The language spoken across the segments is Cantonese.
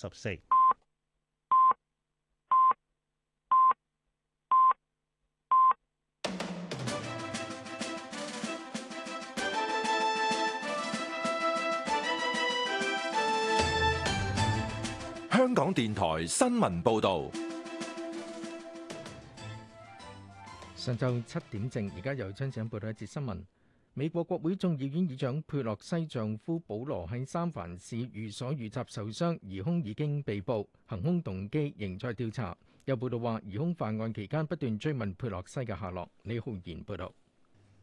十四。香港電台新聞報道。上晝七點正，而家由張生報道，一節新聞。美國國會眾議院議長佩洛西丈夫保羅喺三藩市寓所遇襲受傷，疑兇已經被捕，行兇動機仍在調查。有報道話，疑兇犯案期間不斷追問佩洛西嘅下落。李浩然報導。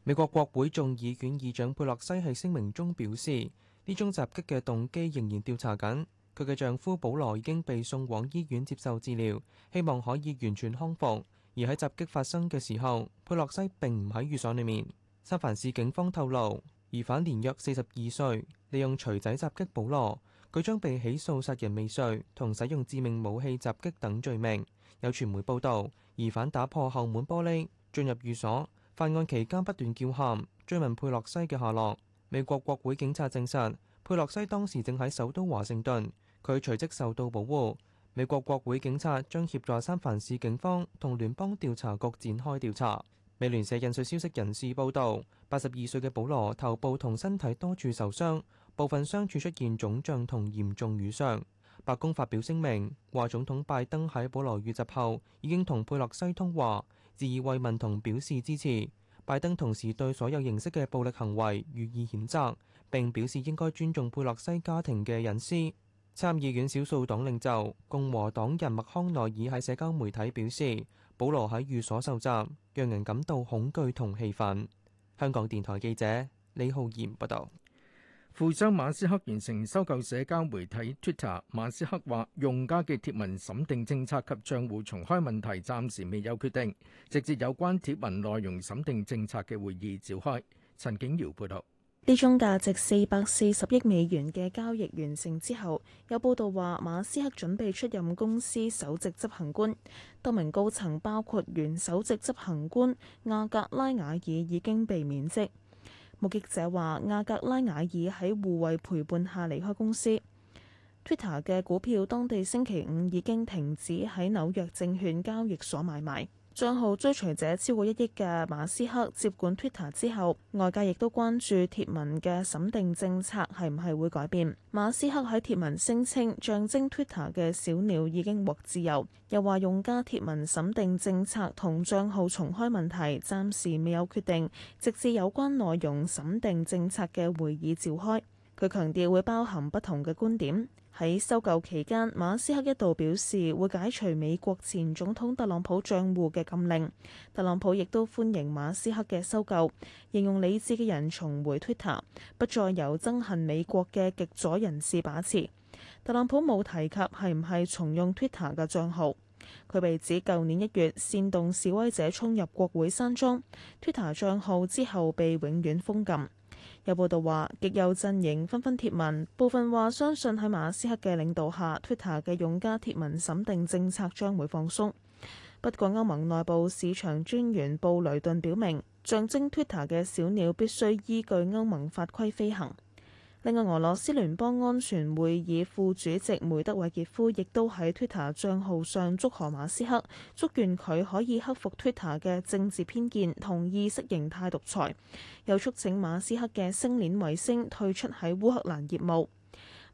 美國國會眾議院議長佩洛西喺聲明中表示，呢宗襲擊嘅動機仍然調查緊。佢嘅丈夫保羅已經被送往醫院接受治療，希望可以完全康復。而喺襲擊發生嘅時候，佩洛西並唔喺寓所裏面。三藩市警方透露，疑犯年約四十二歲，利用錘仔襲擊保羅，佢將被起訴殺人未遂同使用致命武器襲擊等罪名。有傳媒報道，疑犯打破後門玻璃進入寓所，犯案期間不斷叫喊，追問佩洛西嘅下落。美國國會警察證實佩洛西當時正喺首都華盛頓，佢隨即受到保護。美國國會警察將協助三藩市警方同聯邦調查局展開調查。美聯社引述消息人士報道，八十二歲嘅保羅頭部同身體多處受傷，部分傷處出現腫脹同嚴重瘀傷。白宮發表聲明，話總統拜登喺保羅遇襲後已經同佩洛西通話，致以慰問同表示支持。拜登同時對所有形式嘅暴力行為予以譴責，並表示應該尊重佩洛西家庭嘅隱私。參議院少數黨領袖共和黨人麥康奈爾喺社交媒體表示。保羅喺寓所受責，讓人感到恐懼同氣憤。香港電台記者李浩然報道。富商馬斯克完成收購社交媒體 Twitter，馬斯克話用家嘅貼文審定政策及賬戶重開問題暫時未有決定，直接有關貼文內容審定政策嘅會議召開。陳景瑤報道。呢宗價值四百四十億美元嘅交易完成之後，有報道話馬斯克準備出任公司首席執行官。多名高層包括原首席執行官阿格拉瓦爾已經被免職。目擊者話阿格拉瓦爾喺護衛陪伴下離開公司。Twitter 嘅股票當地星期五已經停止喺紐約證券交易所買賣。帳號追隨者超過一億嘅馬斯克接管 Twitter 之後，外界亦都關注貼文嘅審定政策係唔係會改變。馬斯克喺貼文聲稱，象徵 Twitter 嘅小鳥已經獲自由，又話用家貼文審定政策同帳號重開問題暫時未有決定，直至有關內容審定政策嘅會議召開。佢強調會包含不同嘅觀點。喺收購期間，馬斯克一度表示會解除美國前總統特朗普帳戶嘅禁令。特朗普亦都歡迎馬斯克嘅收購，形容理智嘅人重回 Twitter，不再由憎恨美國嘅極左人士把持。特朗普冇提及係唔係重用 Twitter 嘅帳號。佢被指舊年一月煽動示威者衝入國會山莊，Twitter 帳號之後被永遠封禁。有報道話，極右陣營紛紛貼文，部分話相信喺馬斯克嘅領導下，Twitter 嘅用家貼文審定政策將會放鬆。不過，歐盟內部市場專員布雷頓表明，象徵 Twitter 嘅小鳥必須依據歐盟法規飛行。另外，俄羅斯聯邦安全會議副主席梅德韋傑夫亦都喺 Twitter 帳號上祝賀馬斯克，祝願佢可以克服 Twitter 嘅政治偏見，同意識形態獨裁，又促請馬斯克嘅星鏈衛星退出喺烏克蘭業務。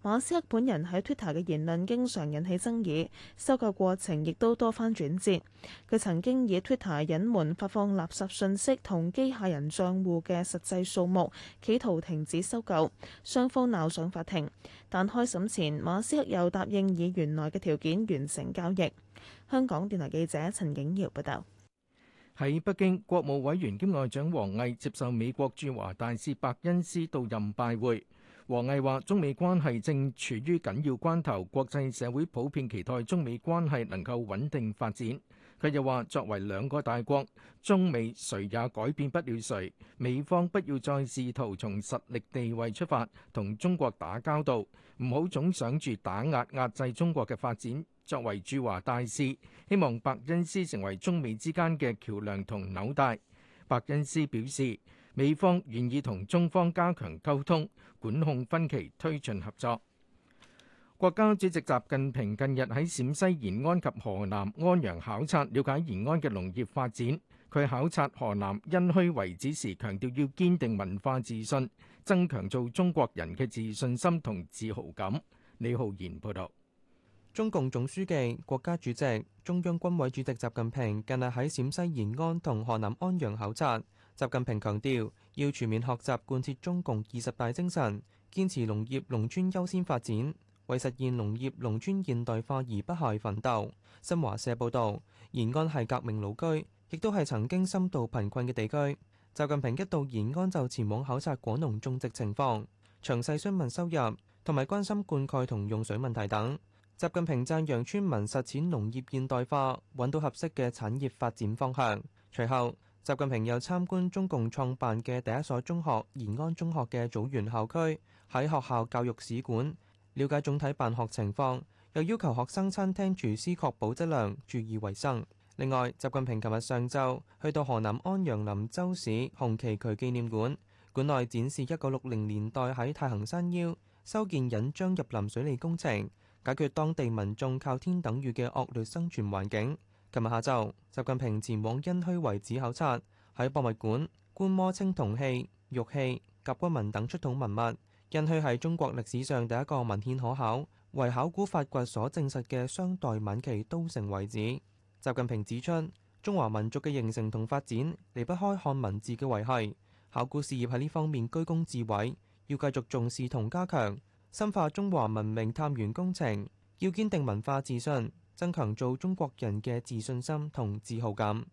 馬斯克本人喺 Twitter 嘅言論經常引起爭議，收購過程亦都多番轉折。佢曾經以 Twitter 隱瞞發放垃圾信息同機械人帳戶嘅實際數目，企圖停止收購，雙方鬧上法庭。但開審前，馬斯克又答應以原來嘅條件完成交易。香港電台記者陳景堯報道：「喺北京，國務委員兼外長王毅接受美國駐華大使白恩斯到任拜會。王毅話：中美關係正處於緊要關頭，國際社會普遍期待中美關係能夠穩定發展。佢又話：作為兩個大國，中美誰也改變不了誰。美方不要再試圖從實力地位出發同中國打交道，唔好總想住打壓壓制中國嘅發展。作為駐華大使，希望白恩斯成為中美之間嘅橋梁同紐帶。白恩斯表示，美方願意同中方加強溝通、管控分歧、推進合作。國家主席習近平近日喺陝西延安及河南安陽考察，了解延安嘅農業發展。佢考察河南殷墟遺址時，強調要堅定文化自信，增強做中國人嘅自信心同自豪感。李浩然報道：中共總書記、國家主席、中央軍委主席習近平近日喺陝西延安同河南安陽考察。習近平強調，要全面學習貫徹中共二十大精神，堅持農業農村優先發展，為實現農業農村現代化而不懈奮鬥。新華社報道，延安係革命老區，亦都係曾經深度貧困嘅地區。習近平一到延安就前往考察果農種植情況，詳細詢問收入，同埋關心灌溉同用水問題等。習近平讚揚村民實踐農業現代化，揾到合適嘅產業發展方向。隨後。習近平又參觀中共創辦嘅第一所中學延安中學嘅棗園校區，喺學校教育史館了解總體辦學情況，又要求學生餐廳廚師確保質量、注意衛生。另外，習近平琴日上晝去到河南安陽林州市紅旗渠紀念館，館內展示一九六零年代喺太行山腰修建引漳入林水利工程，解決當地民眾靠天等雨嘅惡劣生存環境。今日下晝，習近平前往殷墟遺址考察，喺博物館觀摩青銅器、玉器、甲骨文等出土文物。殷墟係中國歷史上第一個文獻可考、為考古發掘所證實嘅商代晚期都城遺址。習近平指出，中華民族嘅形成同發展離不開漢文字嘅維繫，考古事業喺呢方面居功至偉，要繼續重視同加強深化中華文明探源工程，要堅定文化自信。增強做中國人嘅自信心同自豪感。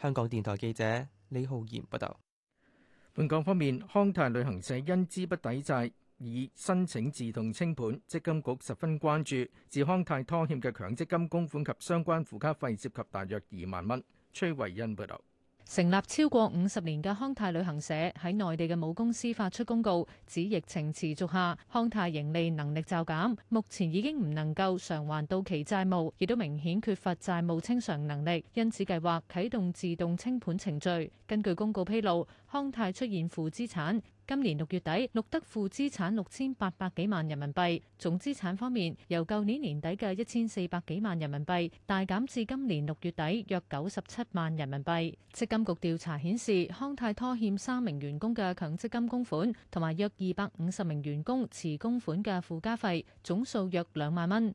香港電台記者李浩然報道。本港方面，康泰旅行社因資不抵債，已申請自動清盤，積金局十分關注。自康泰拖欠嘅強積金供款及相關附加費，涉及大約二萬蚊。崔慧欣報道。成立超過五十年嘅康泰旅行社喺內地嘅母公司發出公告，指疫情持續下，康泰盈利能力驟減，目前已經唔能夠償還到期債務，亦都明顯缺乏債務清償能力，因此計劃啟動自動清盤程序。根據公告披露，康泰出現負資產。今年六月底，錄得負資產六千八百幾萬人民幣。總資產方面，由舊年年底嘅一千四百幾萬人民幣，大減至今年六月底約九十七萬人民幣。積金局調查顯示，康泰拖欠三名員工嘅強積金供款，同埋約二百五十名員工遲供款嘅附加費，總數約兩萬蚊。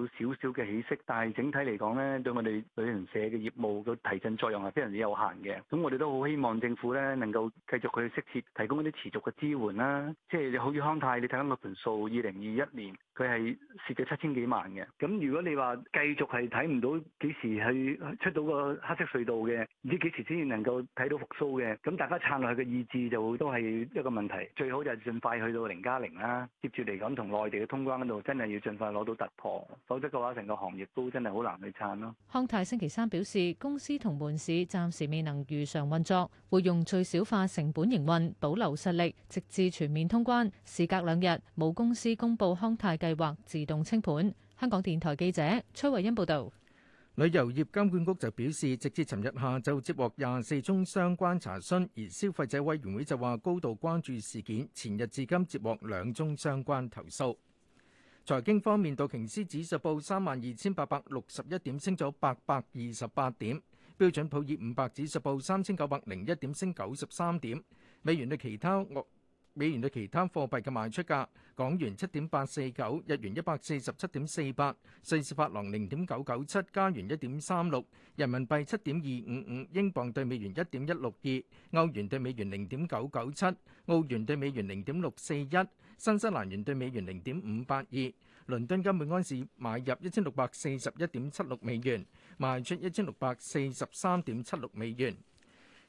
有少少嘅起色，但係整體嚟講咧，對我哋旅行社嘅業務嘅提振作用係非常之有限嘅。咁我哋都好希望政府咧能夠繼續去適切提供一啲持續嘅支援啦。即係你好似康泰，你睇下個盤數，二零二一年。 佢係蝕咗七千幾萬嘅，咁如果你話繼續係睇唔到幾時去出到個黑色隧道嘅，唔知幾時先至能夠睇到復甦嘅，咁大家撐落去嘅意志就都係一個問題，最好就係盡快去到零加零啦，0，接住嚟，咁同內地嘅通關嗰度，真係要盡快攞到突破，否則嘅話成個行業都真係好難去撐咯。康泰星期三表示，公司同門市暫時未能如常運作，會用最小化成本營運，保留實力，直至全面通關，時隔兩日，冇公司公布康泰計。或自動清盤。香港電台記者崔慧欣報導。旅遊業監管局就表示，直至尋日下晝接獲廿四宗相關查詢，而消費者委員會就話高度關注事件。前日至今接獲兩宗相關投訴。財經方面，道瓊斯指數報三萬二千八百六十一點，升咗八百二十八點；標準普爾五百指數報三千九百零一點，升九十三點。美元兌其他惡美元對其他貨幣嘅賣出價：港元七點八四九，日元一百四十七點四八，瑞士法郎零點九九七，加元一點三六，人民幣七點二五五，英鎊對美元一點一六二，歐元對美元零點九九七，澳元對美元零點六四一，新西蘭元對美元零點五八二。倫敦金每安士買入一千六百四十一點七六美元，賣出一千六百四十三點七六美元。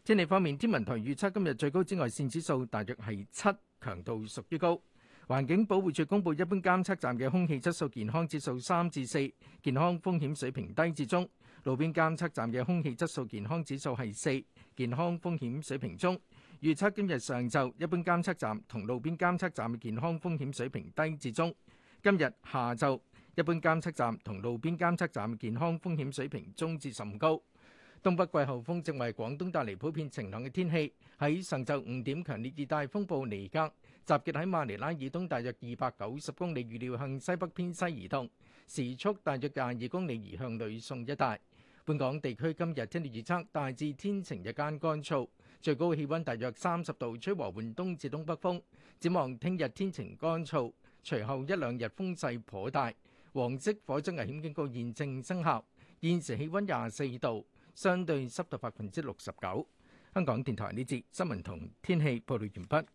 天氣方面，天文台預測今日最高紫外線指數大約係七，強度屬於高。環境保護署公布一般監測站嘅空氣質素健康指數三至四，健康風險水平低至中；路邊監測站嘅空氣質素健康指數係四，健康風險水平中。預測今日上晝一般監測站同路邊監測站嘅健康風險水平低至中；今日下晝一般監測站同路邊監測站嘅健康風險水平中至甚高。東北季候風正為廣東帶嚟普遍晴朗嘅天氣。喺上晝五點，強烈熱帶風暴尼格集結喺馬尼拉以東，大約二百九十公里，預料向西北偏西移動，時速大約廿二公里，移向呂宋一帶。本港地區今日天氣預測大致天晴，日間乾燥，最高氣温大約三十度，吹和緩東至東北風。展望聽日天晴乾燥，隨後一兩日風勢頗大，黃色火災危險警告現正生效。現時氣温廿四度。相對濕度百分之六十九。香港電台呢節新聞同天氣報道完畢。